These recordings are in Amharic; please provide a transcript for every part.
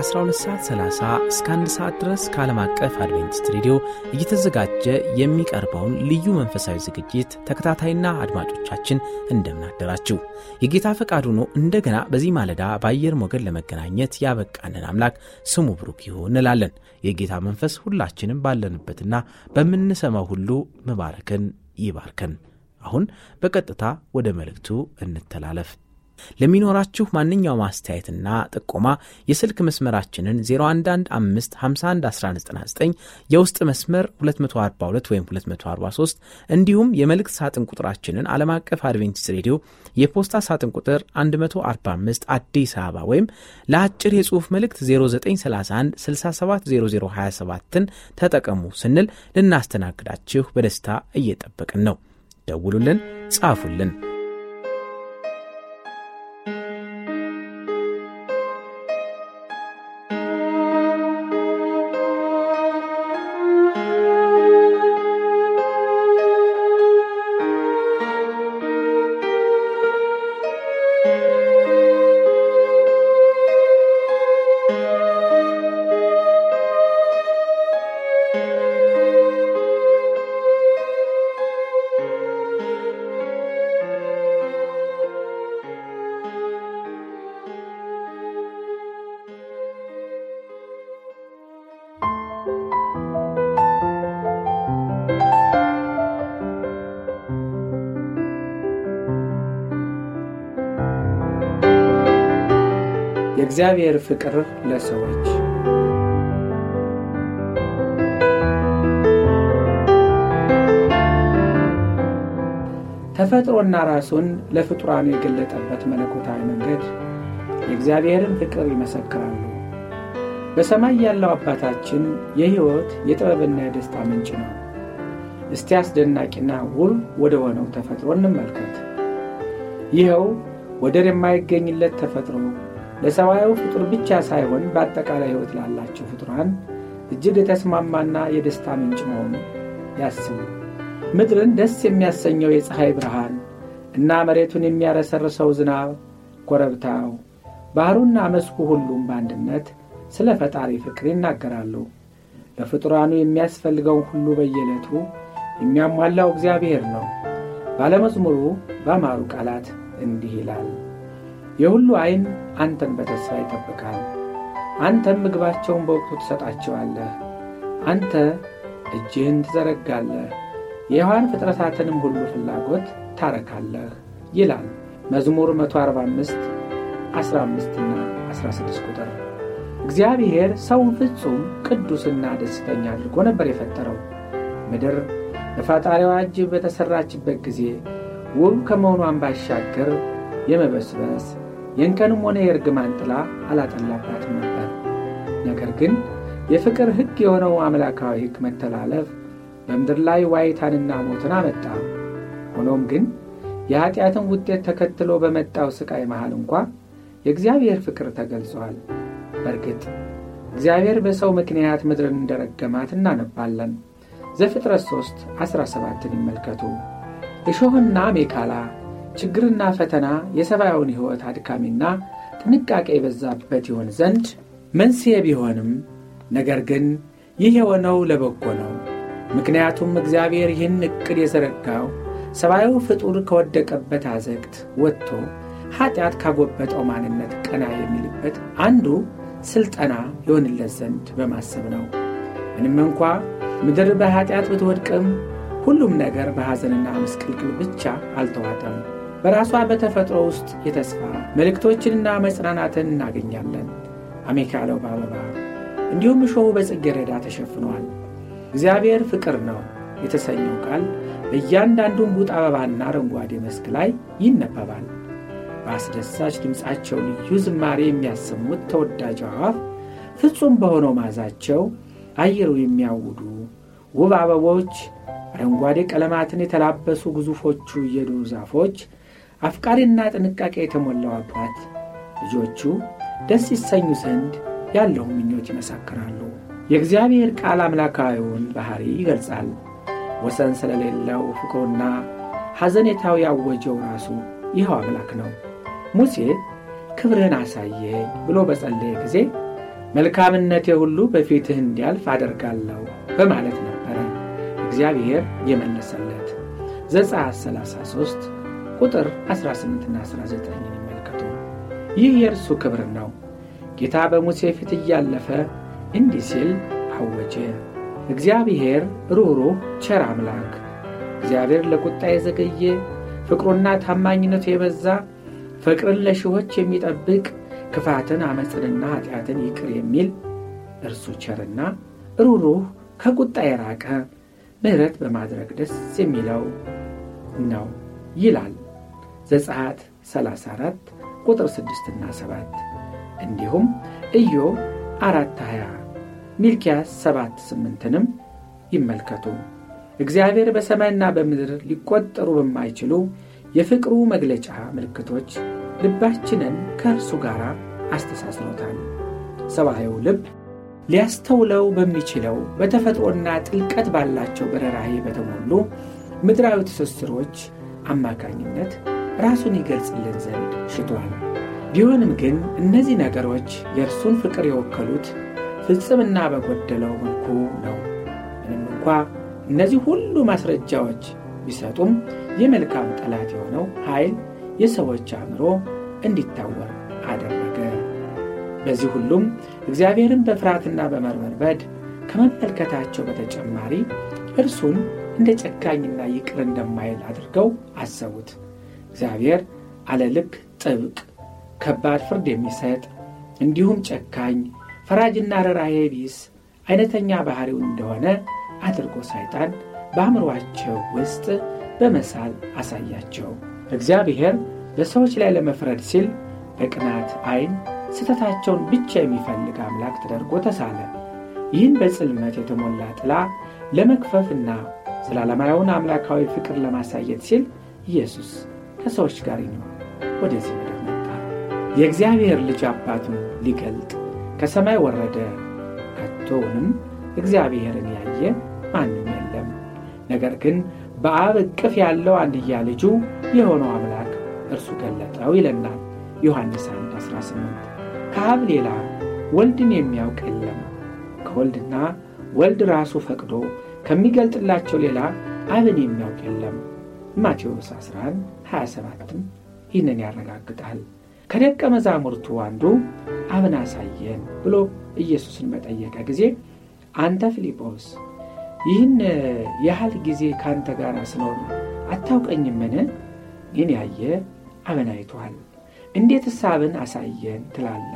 ከ12 ሰዓት 30 እስከ 1 ሰዓት ድረስ ከዓለም አቀፍ አድቬንቲስት ሬዲዮ እየተዘጋጀ የሚቀርበውን ልዩ መንፈሳዊ ዝግጅት ተከታታይና አድማጮቻችን እንደምናደራችው የጌታ ፈቃድ ሆኖ እንደገና በዚህ ማለዳ በአየር ሞገድ ለመገናኘት ያበቃንን አምላክ ስሙ ብሩክ ይሁን እንላለን። የጌታ መንፈስ ሁላችንም ባለንበትና በምንሰማው ሁሉ መባረክን ይባርከን። አሁን በቀጥታ ወደ መልእክቱ እንተላለፍ። ለሚኖራችሁ ማንኛውም አስተያየትና ጥቆማ የስልክ መስመራችንን 0115511199 የውስጥ መስመር 242 ወይም 243 እንዲሁም የመልእክት ሳጥን ቁጥራችንን ዓለም አቀፍ አድቬንቲስ ሬዲዮ የፖስታ ሳጥን ቁጥር 145 አዲስ አበባ ወይም ለአጭር የጽሑፍ መልእክት 0931 670027ን ተጠቀሙ ስንል ልናስተናግዳችሁ በደስታ እየጠበቅን ነው። ደውሉልን፣ ጻፉልን። የእግዚአብሔር ፍቅር ለሰዎች ተፈጥሮና ራሱን ለፍጡራኑ የገለጠበት መለኮታዊ መንገድ የእግዚአብሔርን ፍቅር ይመሰክራሉ። በሰማይ ያለው አባታችን የሕይወት የጥበብና የደስታ ምንጭ ነው። እስቲ አስደናቂና ውብ ወደ ሆነው ተፈጥሮ እንመልከት። ይኸው ወደር የማይገኝለት ተፈጥሮ ለሰማያዊ ፍጡር ብቻ ሳይሆን በአጠቃላይ ሕይወት ላላቸው ፍጡራን እጅግ የተስማማና የደስታ ምንጭ መሆኑ ያስቡ። ምድርን ደስ የሚያሰኘው የፀሐይ ብርሃን እና መሬቱን የሚያረሰርሰው ዝናብ፣ ኮረብታው፣ ባሕሩና መስኩ ሁሉም በአንድነት ስለ ፈጣሪ ፍቅር ይናገራሉ። ለፍጡራኑ የሚያስፈልገውን ሁሉ በየዕለቱ የሚያሟላው እግዚአብሔር ነው። ባለመዝሙሩ ባማሩ ቃላት እንዲህ ይላል የሁሉ ዐይን አንተን በተስፋ ይጠብቃል። አንተም ምግባቸውን በወቅቱ ትሰጣቸዋለህ። አንተ እጅህን ትዘረጋለህ፣ የሕያዋን ፍጥረታትንም ሁሉ ፍላጎት ታረካለህ ይላል መዝሙር 145 15ና 16 ቁጥር። እግዚአብሔር ሰውን ፍጹም ቅዱስና ደስተኛ አድርጎ ነበር የፈጠረው። ምድር በፈጣሪዋ እጅ በተሠራችበት ጊዜ ውብ ከመሆኗን ባሻገር የመበስበስ የእንከንም ሆነ የእርግማን ጥላ አላጠላባትም ነበር። ነገር ግን የፍቅር ሕግ የሆነው አምላካዊ ሕግ መተላለፍ በምድር ላይ ዋይታንና ሞትን አመጣ። ሆኖም ግን የኀጢአትን ውጤት ተከትሎ በመጣው ሥቃይ መሃል እንኳ የእግዚአብሔር ፍቅር ተገልጿል። በርግጥ እግዚአብሔር በሰው ምክንያት ምድርን እንደረገማት እናነባለን። ዘፍጥረት 3 17ን ይመልከቱ። እሾህና ሜካላ ችግርና ፈተና የሰብአዊን ሕይወት አድካሚና ጥንቃቄ የበዛበት ይሆን ዘንድ መንስኤ ቢሆንም ነገር ግን ይህ የሆነው ለበጎ ነው። ምክንያቱም እግዚአብሔር ይህን ዕቅድ የዘረጋው ሰብአዊ ፍጡር ከወደቀበት አዘግት ወጥቶ ኀጢአት ካጎበጠው ማንነት ቀና የሚልበት አንዱ ሥልጠና ይሆንለት ዘንድ በማሰብ ነው። ምንም እንኳ ምድር በኀጢአት ብትወድቅም ሁሉም ነገር በሐዘንና ምስቅልቅል ብቻ አልተዋጠም። በራሷ በተፈጥሮ ውስጥ የተስፋ መልእክቶችንና መጽናናትን እናገኛለን። አሜካለው በአበባ እንዲሁም እሾሁ በጽጌረዳ ተሸፍኗል። እግዚአብሔር ፍቅር ነው የተሰኘው ቃል በእያንዳንዱን ቡጥ አበባና አረንጓዴ መስክ ላይ ይነበባል። በአስደሳች ድምፃቸው ልዩ ዝማሬ የሚያሰሙት ተወዳጅ አዋፍ ፍጹም በሆነው ማዛቸው አየሩ የሚያውዱ ውብ አበቦች፣ አረንጓዴ ቀለማትን የተላበሱ ግዙፎቹ የዱር ዛፎች አፍቃሪና ጥንቃቄ የተሞላው አባት ልጆቹ ደስ ይሰኙ ዘንድ ያለውን ምኞት ይመሰክራሉ። የእግዚአብሔር ቃል አምላካዊውን ባሕሪ ይገልጻል። ወሰን ስለሌለው ፍቅሩና ሐዘኔታው ያወጀው ራሱ ይኸው አምላክ ነው። ሙሴ ክብርህን አሳየ ብሎ በጸለየ ጊዜ መልካምነቴ ሁሉ በፊትህ እንዲያልፍ አደርጋለሁ በማለት ነበረ እግዚአብሔር የመለሰለት ዘፀ 33 ቁጥር 18ና 19 ይመልከቱ። ይህ የእርሱ ክብር ነው። ጌታ በሙሴ ፊት እያለፈ እንዲህ ሲል አወጀ። እግዚአብሔር ሩኅሩህ ቸር አምላክ፣ እግዚአብሔር ለቁጣ የዘገየ ፍቅሩና ታማኝነቱ የበዛ ፍቅርን ለሽዎች የሚጠብቅ ክፋትን፣ አመፅንና ኃጢአትን ይቅር የሚል እርሱ ቸርና ሩኅሩህ ከቁጣ የራቀ ምሕረት በማድረግ ደስ የሚለው ነው ይላል ዘጸአት 34 ቁጥር 6 ና 7 እንዲሁም እዮ 4 20 ሚልኪያስ 7 8ንም ይመልከቱ። እግዚአብሔር በሰማይና በምድር ሊቆጠሩ በማይችሉ የፍቅሩ መግለጫ ምልክቶች ልባችንን ከእርሱ ጋር አስተሳስሮታል። ሰብአዊው ልብ ሊያስተውለው በሚችለው በተፈጥሮና ጥልቀት ባላቸው በረራይ በተሞሉ ምድራዊ ትስስሮች አማካኝነት ራሱን ይገልጽልን ዘንድ ሽቷል። ቢሆንም ግን እነዚህ ነገሮች የእርሱን ፍቅር የወከሉት ፍጽምና በጎደለው መልኩ ነው። ምንም እንኳ እነዚህ ሁሉ ማስረጃዎች ቢሰጡም የመልካም ጠላት የሆነው ኃይል የሰዎች አእምሮ እንዲታወር አደረገ። በዚህ ሁሉም እግዚአብሔርን በፍርሃትና በመርበርበድ ከመመልከታቸው በተጨማሪ እርሱን እንደ ጨካኝና ይቅር እንደማይል አድርገው አሰቡት። እግዚአብሔር አለ ልክ ጥብቅ፣ ከባድ ፍርድ የሚሰጥ እንዲሁም ጨካኝ፣ ፈራጅና ረራዬ ቢስ አይነተኛ ባሕሪው እንደሆነ አድርጎ ሳይጣን በአእምሯቸው ውስጥ በመሳል አሳያቸው። እግዚአብሔር በሰዎች ላይ ለመፍረድ ሲል በቅናት ዐይን ስህተታቸውን ብቻ የሚፈልግ አምላክ ተደርጎ ተሳለ። ይህን በጽልመት የተሞላ ጥላ ለመክፈፍና ስለ ዓለማዊውን አምላካዊ ፍቅር ለማሳየት ሲል ኢየሱስ ከሰዎች ጋር ይኖር ወደዚህ ምድር መጣ። የእግዚአብሔር ልጅ አባቱን ሊገልጥ ከሰማይ ወረደ። ከቶውንም እግዚአብሔርን ያየ ማንም የለም። ነገር ግን በአብ እቅፍ ያለው አንድያ ልጁ የሆነው አምላክ እርሱ ገለጠው ይለናል ዮሐንስ 1 18 ከአብ ሌላ ወልድን የሚያውቅ የለም። ከወልድና ወልድ ራሱ ፈቅዶ ከሚገልጥላቸው ሌላ አብን የሚያውቅ የለም ማቴዎስ 11 27ም ይህንን ያረጋግጣል። ከደቀ መዛሙርቱ አንዱ አብን አሳየን ብሎ ኢየሱስን በጠየቀ ጊዜ አንተ ፊልጶስ ይህን ያህል ጊዜ ከአንተ ጋር ስኖር አታውቀኝምን? ይህን ያየ አብን አይቷል፣ እንዴትስ አብን አሳየን ትላለ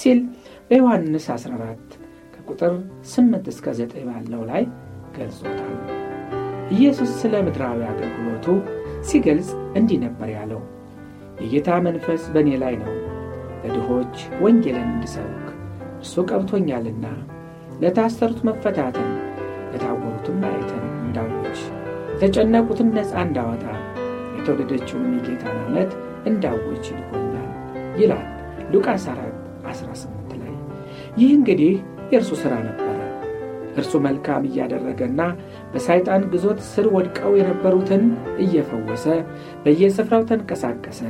ሲል በዮሐንስ 14 ከቁጥር 8 እስከ 9 ባለው ላይ ገልጾታል። ኢየሱስ ስለ ምድራዊ አገልግሎቱ ሲገልጽ እንዲህ ነበር ያለው። የጌታ መንፈስ በእኔ ላይ ነው፣ ለድሆች ወንጌልን እንድሰብክ እርሱ ቀብቶኛልና፣ ለታሰሩት መፈታትን፣ ለታወሩትም ማየትን እንዳውጅ፣ የተጨነቁትን ነፃ እንዳወጣ፣ የተወለደችውን የጌታ ዓመት እንዳውጅ ልኮኛል ይላል ሉቃስ 4 18 ላይ። ይህ እንግዲህ የእርሱ ሥራ ነበረ። እርሱ መልካም እያደረገና በሳይጣን ግዞት ስር ወድቀው የነበሩትን እየፈወሰ በየስፍራው ተንቀሳቀሰ።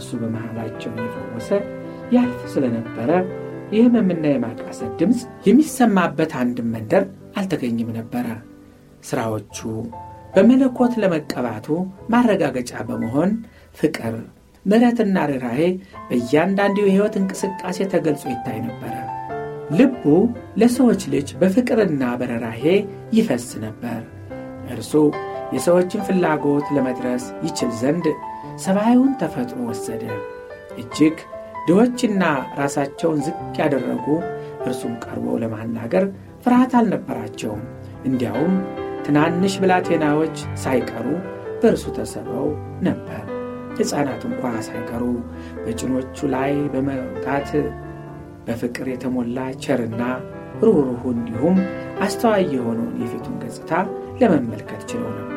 እሱ በመሃላቸው እየፈወሰ ያልፍ ስለነበረ የሕመምና የማቃሰት ድምፅ የሚሰማበት አንድም መንደር አልተገኝም ነበረ። ሥራዎቹ በመለኮት ለመቀባቱ ማረጋገጫ በመሆን ፍቅር፣ ምረትና ርራሄ በእያንዳንዱ የሕይወት እንቅስቃሴ ተገልጾ ይታይ ነበረ። ልቡ ለሰዎች ልጅ በፍቅርና በረራሄ ይፈስ ነበር። እርሱ የሰዎችን ፍላጎት ለመድረስ ይችል ዘንድ ሰብአዊውን ተፈጥሮ ወሰደ። እጅግ ድሆችና ራሳቸውን ዝቅ ያደረጉ እርሱም ቀርበው ለማናገር ፍርሃት አልነበራቸውም። እንዲያውም ትናንሽ ብላቴናዎች ሳይቀሩ በእርሱ ተሰበው ነበር። ሕፃናት እንኳ ሳይቀሩ በጭኖቹ ላይ በመውጣት በፍቅር የተሞላ ቸርና ሩህሩህ እንዲሁም አስተዋይ የሆነውን የፊቱን ገጽታ ለመመልከት ችለው ነበር።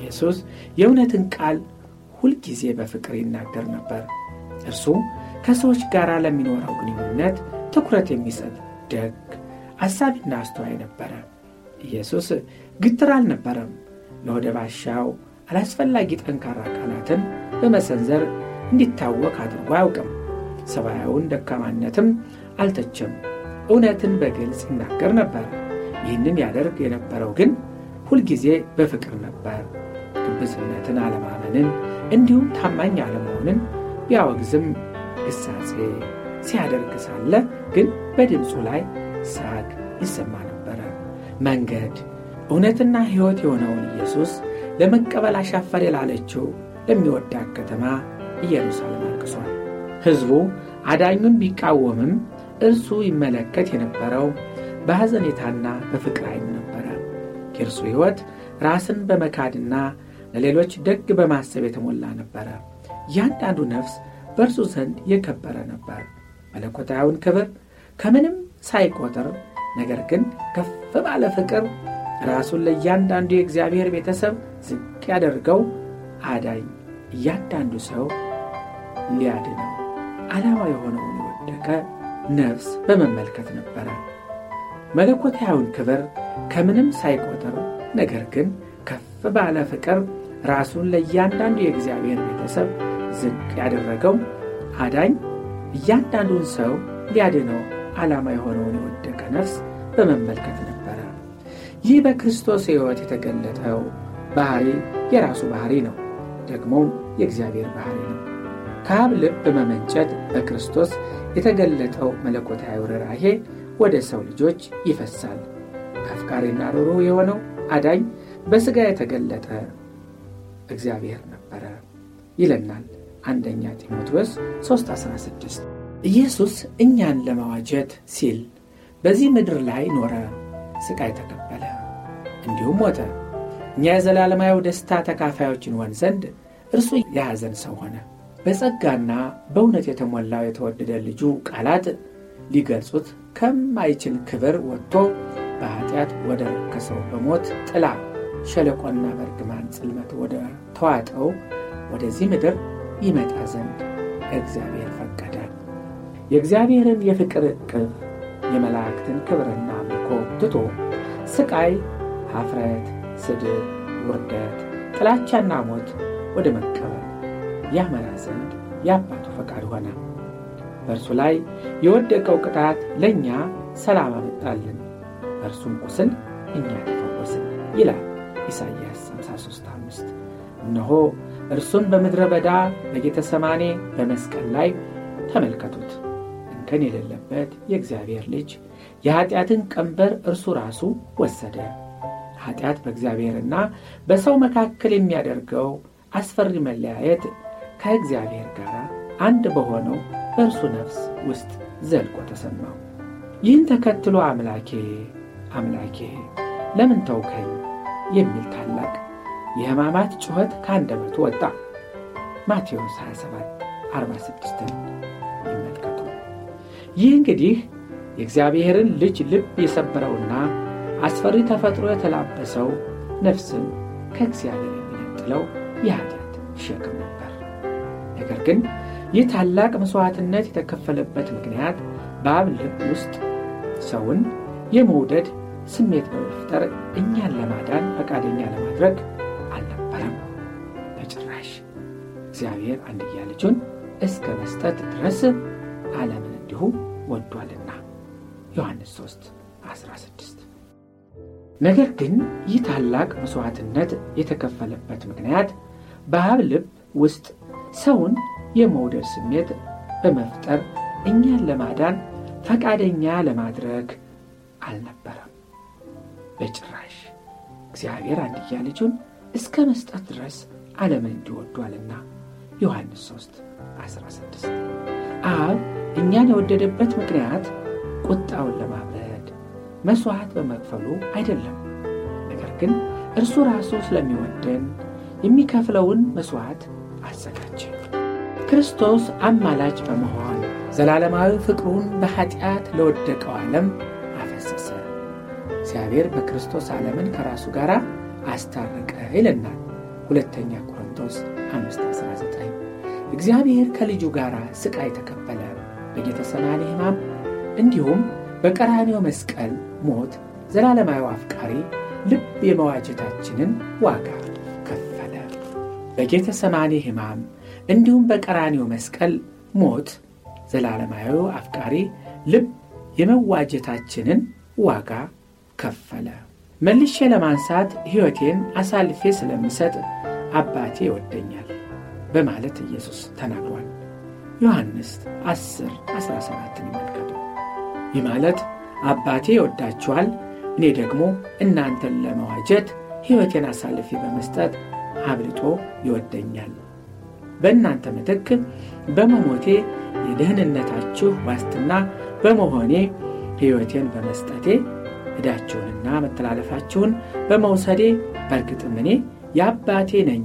ኢየሱስ የእውነትን ቃል ሁልጊዜ በፍቅር ይናገር ነበር። እርሱ ከሰዎች ጋር ለሚኖረው ግንኙነት ትኩረት የሚሰጥ ደግ፣ አሳቢና አስተዋይ ነበረ። ኢየሱስ ግትር አልነበረም። ለወደ ባሻው አላስፈላጊ ጠንካራ ቃላትን በመሰንዘር እንዲታወቅ አድርጎ አያውቅም። ሰብአዊውን ደካማነትም አልተችም እውነትን በግልጽ ይናገር ነበር። ይህንን ያደርግ የነበረው ግን ሁልጊዜ በፍቅር ነበር። ግብዝነትን፣ አለማመንን እንዲሁም ታማኝ አለመሆንን ቢያወግዝም ግሳጼ ሲያደርግ ሳለ ግን በድምፁ ላይ ሳቅ ይሰማ ነበረ። መንገድ እውነትና ሕይወት የሆነውን ኢየሱስ ለመቀበል አሻፈር የላለችው ለሚወዳት ከተማ ኢየሩሳሌም አልቅሷል። ሕዝቡ አዳኙን ቢቃወምም እርሱ ይመለከት የነበረው በሐዘኔታና በፍቅር ዓይን ነበረ። የእርሱ ሕይወት ራስን በመካድና ለሌሎች ደግ በማሰብ የተሞላ ነበረ። እያንዳንዱ ነፍስ በእርሱ ዘንድ የከበረ ነበር። መለኮታዊውን ክብር ከምንም ሳይቆጥር ነገር ግን ከፍ ባለ ፍቅር ራሱን ለእያንዳንዱ የእግዚአብሔር ቤተሰብ ዝቅ ያደርገው አዳኝ እያንዳንዱ ሰው ሊያድነው ዓላማ የሆነውን የወደቀ ነፍስ በመመልከት ነበረ። መለኮታዊውን ክብር ከምንም ሳይቆጥር ነገር ግን ከፍ ባለ ፍቅር ራሱን ለእያንዳንዱ የእግዚአብሔር ቤተሰብ ዝቅ ያደረገው አዳኝ እያንዳንዱን ሰው ሊያድነው ዓላማ የሆነውን የወደቀ ነፍስ በመመልከት ነበረ። ይህ በክርስቶስ ሕይወት የተገለጠው ባህሪ የራሱ ባህሪ ነው፣ ደግሞም የእግዚአብሔር ባህሪ ነው። ከአብ ልብ በመመንጨት በክርስቶስ የተገለጠው መለኮታዊ ርራሄ ወደ ሰው ልጆች ይፈሳል። አፍቃሪና ሮሮ የሆነው አዳኝ በሥጋ የተገለጠ እግዚአብሔር ነበረ ይለናል አንደኛ ጢሞቴዎስ 3:16 ኢየሱስ እኛን ለማዋጀት ሲል በዚህ ምድር ላይ ኖረ፣ ሥቃይ ተቀበለ፣ እንዲሁም ሞተ። እኛ የዘላለማዊው ደስታ ተካፋዮችን ወን ዘንድ እርሱ የያዘን ሰው ሆነ። በጸጋና በእውነት የተሞላው የተወደደ ልጁ ቃላት ሊገልጹት ከማይችል ክብር ወጥቶ በኃጢአት ወደ ረከሰው በሞት ጥላ ሸለቆና በርግማን ጽልመት ወደ ተዋጠው ወደዚህ ምድር ይመጣ ዘንድ እግዚአብሔር ፈቀደ። የእግዚአብሔርን የፍቅር ዕቅብ የመላእክትን ክብርና አምልኮ ትቶ ስቃይ፣ ሐፍረት፣ ስድብ፣ ውርደት፣ ጥላቻና ሞት ወደ መቀበል ያመራ ዘንድ የአባቱ ፈቃድ ሆነ። በእርሱ ላይ የወደቀው ቅጣት ለእኛ ሰላም አመጣልን፣ በእርሱም ቁስል እኛ ተፈወስን ይላል ኢሳይያስ 53 5 እነሆ እርሱን በምድረ በዳ በጌተሰማኔ በመስቀል ላይ ተመልከቱት። እንከን የሌለበት የእግዚአብሔር ልጅ የኀጢአትን ቀንበር እርሱ ራሱ ወሰደ። ኀጢአት በእግዚአብሔርና በሰው መካከል የሚያደርገው አስፈሪ መለያየት ከእግዚአብሔር ጋር አንድ በሆነው በእርሱ ነፍስ ውስጥ ዘልቆ ተሰማው። ይህን ተከትሎ አምላኬ አምላኬ ለምን ተውከኝ የሚል ታላቅ የሕማማት ጩኸት ከአንደበቱ ወጣ። ማቴዎስ 27 46 ይመልከቱ። ይህ እንግዲህ የእግዚአብሔርን ልጅ ልብ የሰበረውና አስፈሪ ተፈጥሮ የተላበሰው ነፍስን ከእግዚአብሔር የሚነጥለው የኃጢአት ሸክም ነበር። ነገር ግን ይህ ታላቅ መሥዋዕትነት የተከፈለበት ምክንያት በአብ ልብ ውስጥ ሰውን የመውደድ ስሜት በመፍጠር እኛን ለማዳን ፈቃደኛ ለማድረግ እግዚአብሔር አንድያ ልጁን እስከ መስጠት ድረስ ዓለምን እንዲሁ ወዷልና ዮሐንስ 3 16 ነገር ግን ይህ ታላቅ መሥዋዕትነት የተከፈለበት ምክንያት በአብ ልብ ውስጥ ሰውን የመውደድ ስሜት በመፍጠር እኛን ለማዳን ፈቃደኛ ለማድረግ አልነበረም። በጭራሽ እግዚአብሔር አንድያ ልጁን እስከ መስጠት ድረስ ዓለምን እንዲወዷልና ዮሐንስ 3 16 አብ እኛን የወደደበት ምክንያት ቁጣውን ለማብረድ መሥዋዕት በመክፈሉ አይደለም፣ ነገር ግን እርሱ ራሱ ስለሚወደን የሚከፍለውን መሥዋዕት አዘጋጀ። ክርስቶስ አማላጭ በመሆን ዘላለማዊ ፍቅሩን በኃጢአት ለወደቀው ዓለም አፈሰሰ። እግዚአብሔር በክርስቶስ ዓለምን ከራሱ ጋር አስታረቀ ይለናል ሁለተኛ ቆሮንቶስ 5 እግዚአብሔር ከልጁ ጋር ሥቃይ ተከፈለ። በጌተሰማኒ ሕማም እንዲሁም በቀራኔው መስቀል ሞት ዘላለማዊ አፍቃሪ ልብ የመዋጀታችንን ዋጋ ከፈለ። በጌተሰማኒ ሕማም እንዲሁም በቀራኔው መስቀል ሞት ዘላለማዊ አፍቃሪ ልብ የመዋጀታችንን ዋጋ ከፈለ። መልሼ ለማንሳት ሕይወቴን አሳልፌ ስለምሰጥ አባቴ ይወደኛል። በማለት ኢየሱስ ተናግሯል። ዮሐንስ 10 17 ይመልከቱ። ይህ ማለት አባቴ ይወዳችኋል፣ እኔ ደግሞ እናንተን ለመዋጀት ሕይወቴን አሳልፌ በመስጠት አብልጦ ይወደኛል። በእናንተ ምትክ በመሞቴ የደህንነታችሁ ዋስትና በመሆኔ ሕይወቴን በመስጠቴ ዕዳችሁንና መተላለፋችሁን በመውሰዴ በእርግጥም እኔ የአባቴ ነኝ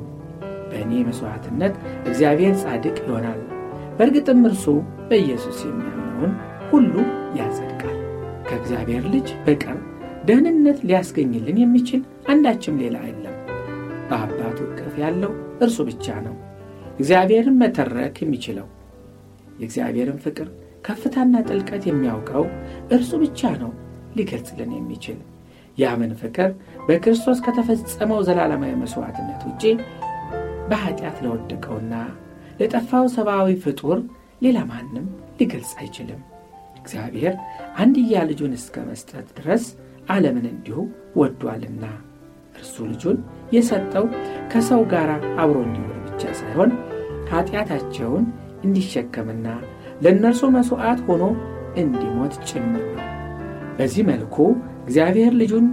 በእኔ መሥዋዕትነት እግዚአብሔር ጻድቅ ይሆናል። በእርግጥም እርሱ በኢየሱስ የሚያምነውን ሁሉ ያጸድቃል። ከእግዚአብሔር ልጅ በቀር ደህንነት ሊያስገኝልን የሚችል አንዳችም ሌላ የለም። በአባቱ እቅፍ ያለው እርሱ ብቻ ነው። እግዚአብሔርን መተረክ የሚችለው የእግዚአብሔርን ፍቅር ከፍታና ጥልቀት የሚያውቀው እርሱ ብቻ ነው ሊገልጽልን የሚችል ያምን ፍቅር በክርስቶስ ከተፈጸመው ዘላለማዊ መሥዋዕትነት ውጪ በኃጢአት ለወደቀውና ለጠፋው ሰብአዊ ፍጡር ሌላ ማንም ሊገልጽ አይችልም። እግዚአብሔር አንድያ ልጁን እስከ መስጠት ድረስ ዓለምን እንዲሁ ወዷልና እርሱ ልጁን የሰጠው ከሰው ጋር አብሮ እንዲሆን ብቻ ሳይሆን ኃጢአታቸውን እንዲሸከምና ለእነርሱ መሥዋዕት ሆኖ እንዲሞት ጭምር ነው። በዚህ መልኩ እግዚአብሔር ልጁን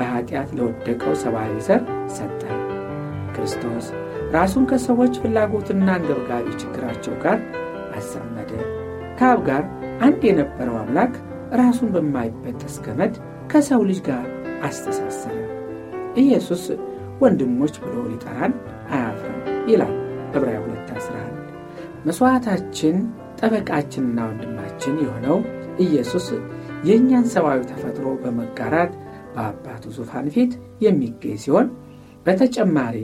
በኃጢአት ለወደቀው ሰብአዊ ዘር ሰጠ። ክርስቶስ ራሱን ከሰዎች ፍላጎትና አንገብጋቢ ችግራቸው ጋር አዛመደ። ከአብ ጋር አንድ የነበረው አምላክ ራሱን በማይበጠስ ገመድ ከሰው ልጅ ጋር አስተሳሰረ። ኢየሱስ ወንድሞች ብሎ ሊጠራን አያፍርም ይላል ዕብራውያን 2:11። መሥዋዕታችን ጠበቃችንና ወንድማችን የሆነው ኢየሱስ የእኛን ሰብአዊ ተፈጥሮ በመጋራት በአባቱ ዙፋን ፊት የሚገኝ ሲሆን በተጨማሪ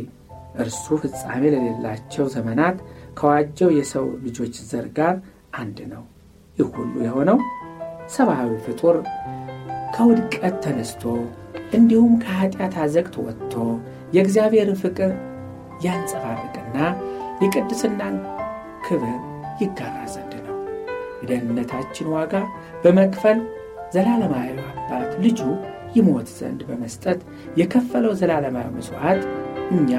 እርሱ ፍጻሜ ለሌላቸው ዘመናት ከዋጀው የሰው ልጆች ዘር ጋር አንድ ነው። ይህ ሁሉ የሆነው ሰብአዊ ፍጡር ከውድቀት ተነስቶ እንዲሁም ከኃጢአት አዘቅት ወጥቶ የእግዚአብሔርን ፍቅር ያንጸባርቅና የቅድስናን ክብር ይጋራ ዘንድ ነው። የደህንነታችን ዋጋ በመክፈል ዘላለማዊ አባት ልጁ ይሞት ዘንድ በመስጠት የከፈለው ዘላለማዊ መሥዋዕት እኛ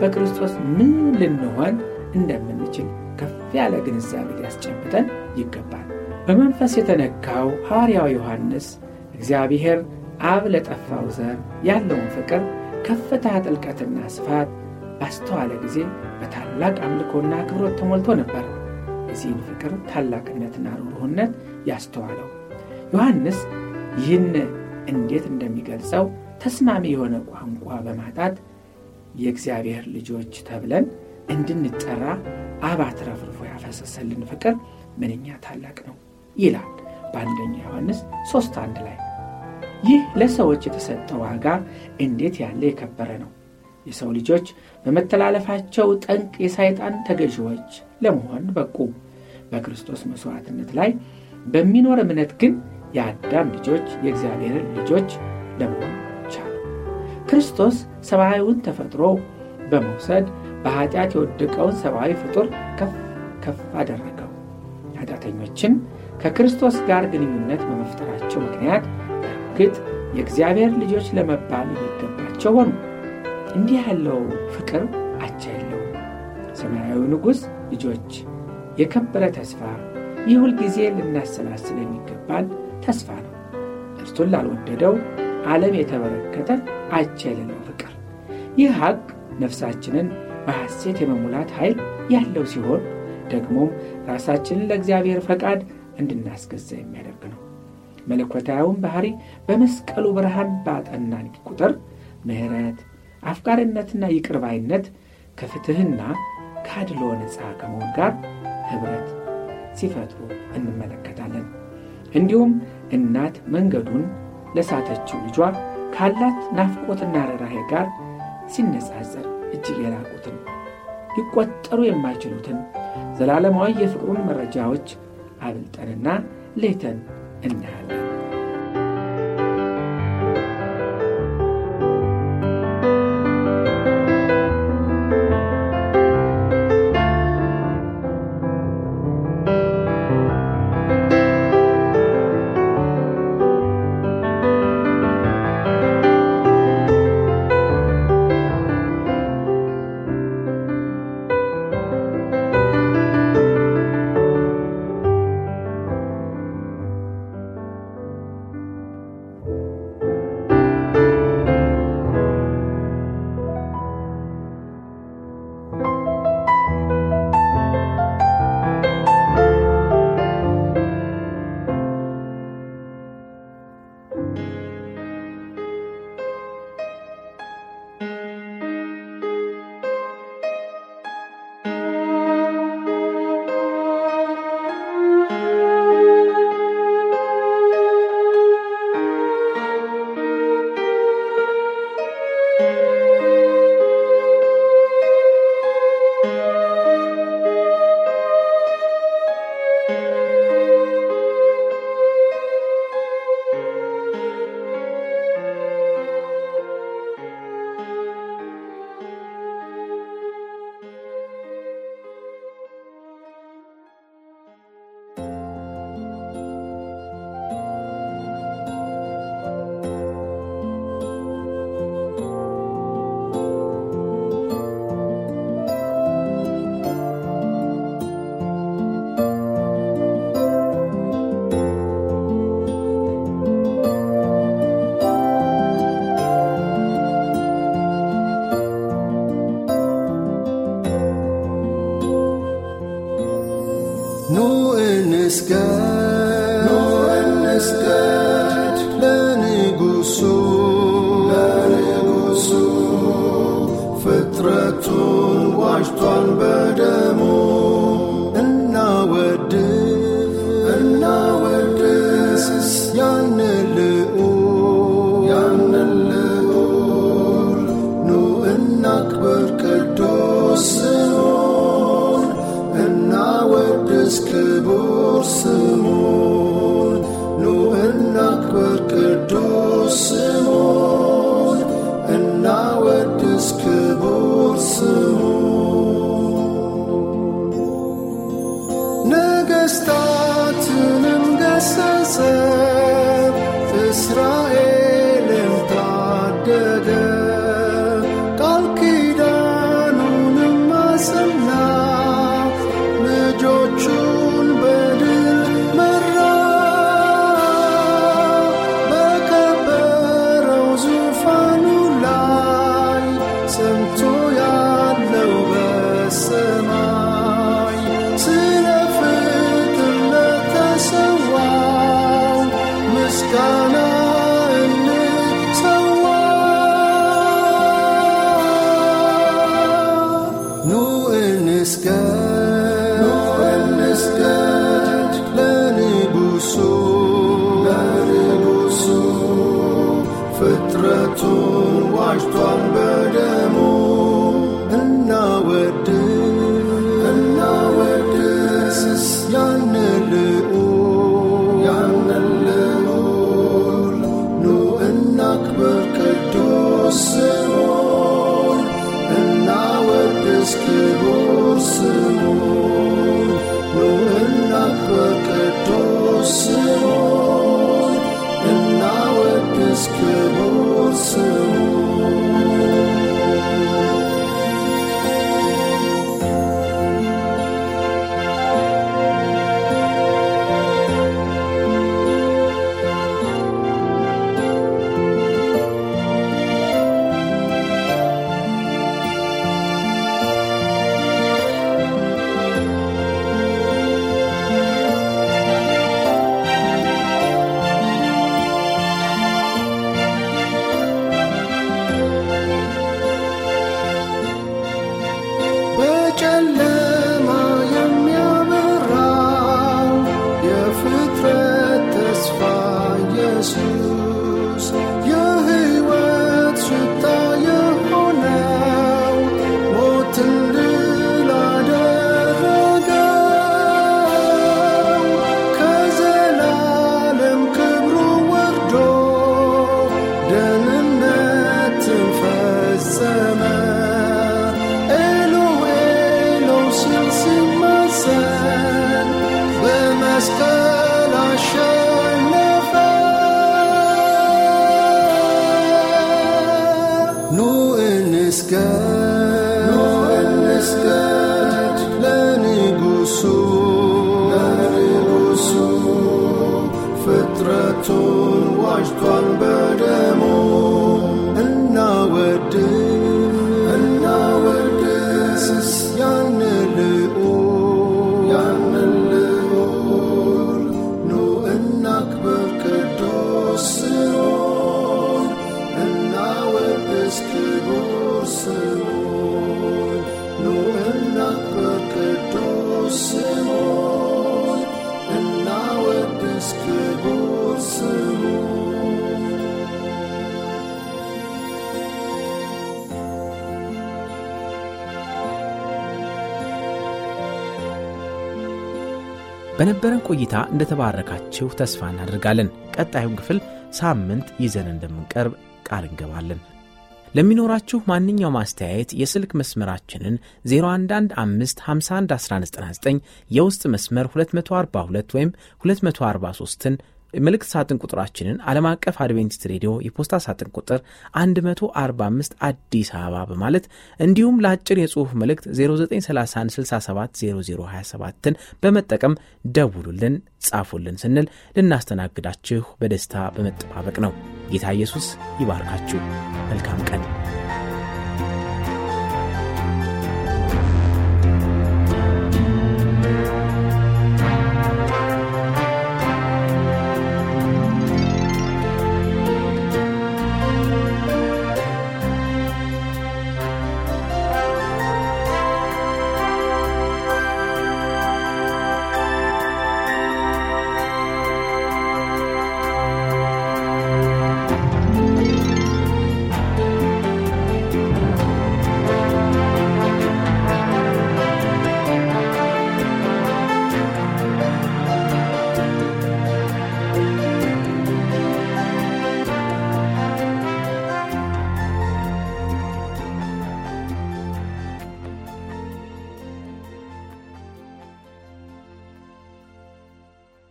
በክርስቶስ ምን ልንሆን እንደምንችል ከፍ ያለ ግንዛቤ ሊያስጨብጠን ይገባል። በመንፈስ የተነካው ሐዋርያው ዮሐንስ እግዚአብሔር አብ ለጠፋው ዘር ያለውን ፍቅር ከፍታ፣ ጥልቀትና ስፋት ባስተዋለ ጊዜ በታላቅ አምልኮና አክብሮት ተሞልቶ ነበር። የዚህን ፍቅር ታላቅነትና ርኅሩህነት ያስተዋለው ዮሐንስ ይህን እንዴት እንደሚገልጸው ተስማሚ የሆነ ቋንቋ በማጣት የእግዚአብሔር ልጆች ተብለን እንድንጠራ አባ ትረፍርፎ ያፈሰሰልን ፍቅር ምንኛ ታላቅ ነው ይላል በአንደኛ ዮሐንስ 3 አንድ ላይ። ይህ ለሰዎች የተሰጠ ዋጋ እንዴት ያለ የከበረ ነው! የሰው ልጆች በመተላለፋቸው ጠንቅ የሳይጣን ተገዥዎች ለመሆን በቁ። በክርስቶስ መሥዋዕትነት ላይ በሚኖር እምነት ግን የአዳም ልጆች የእግዚአብሔርን ልጆች ለመሆን ክርስቶስ ሰብአዊውን ተፈጥሮ በመውሰድ በኃጢአት የወደቀውን ሰብአዊ ፍጡር ከፍ ከፍ አደረገው። ኃጢአተኞችን ከክርስቶስ ጋር ግንኙነት በመፍጠራቸው ምክንያት በእርግጥ የእግዚአብሔር ልጆች ለመባል የሚገባቸው ሆኑ። እንዲህ ያለው ፍቅር አቻ የለው ሰማያዊ ንጉሥ ልጆች የከበረ ተስፋ ይህ ሁልጊዜ ልናሰላስል የሚገባን ተስፋ ነው። እርሱን ላልወደደው ዓለም የተበረከተ አጀለ ነው ፍቅር። ይህ ሀቅ ነፍሳችንን በሐሴት የመሙላት ኃይል ያለው ሲሆን ደግሞም ራሳችንን ለእግዚአብሔር ፈቃድ እንድናስገዛ የሚያደርግ ነው። መለኮታዊውን ባህሪ በመስቀሉ ብርሃን ባጠናን ቁጥር ምሕረት፣ አፍቃሪነትና ይቅርባይነት ከፍትሕና ከአድሎ ነፃ ከመሆን ጋር ኅብረት ሲፈጥሩ እንመለከታለን። እንዲሁም እናት መንገዱን ለሳተችው ልጇ ካላት ናፍቆትና ረራሄ ጋር ሲነጻጸር እጅግ የራቁትን ሊቆጠሩ የማይችሉትን ዘላለማዊ የፍቅሩን መረጃዎች አብልጠንና ለይተን እናያለን። በነበረን ቆይታ እንደተባረካችሁ ተስፋ እናደርጋለን። ቀጣዩን ክፍል ሳምንት ይዘን እንደምንቀርብ ቃል እንገባለን። ለሚኖራችሁ ማንኛው ማስተያየት የስልክ መስመራችንን 011551199 የውስጥ መስመር 242 ወይም 243ን መልእክት ሳጥን ቁጥራችንን ዓለም አቀፍ አድቬንቲስት ሬዲዮ የፖስታ ሳጥን ቁጥር 145 አዲስ አበባ በማለት እንዲሁም ለአጭር የጽሑፍ መልእክት 0931670027ን በመጠቀም ደውሉልን፣ ጻፉልን ስንል ልናስተናግዳችሁ በደስታ በመጠባበቅ ነው። ጌታ ኢየሱስ ይባርካችሁ። መልካም ቀን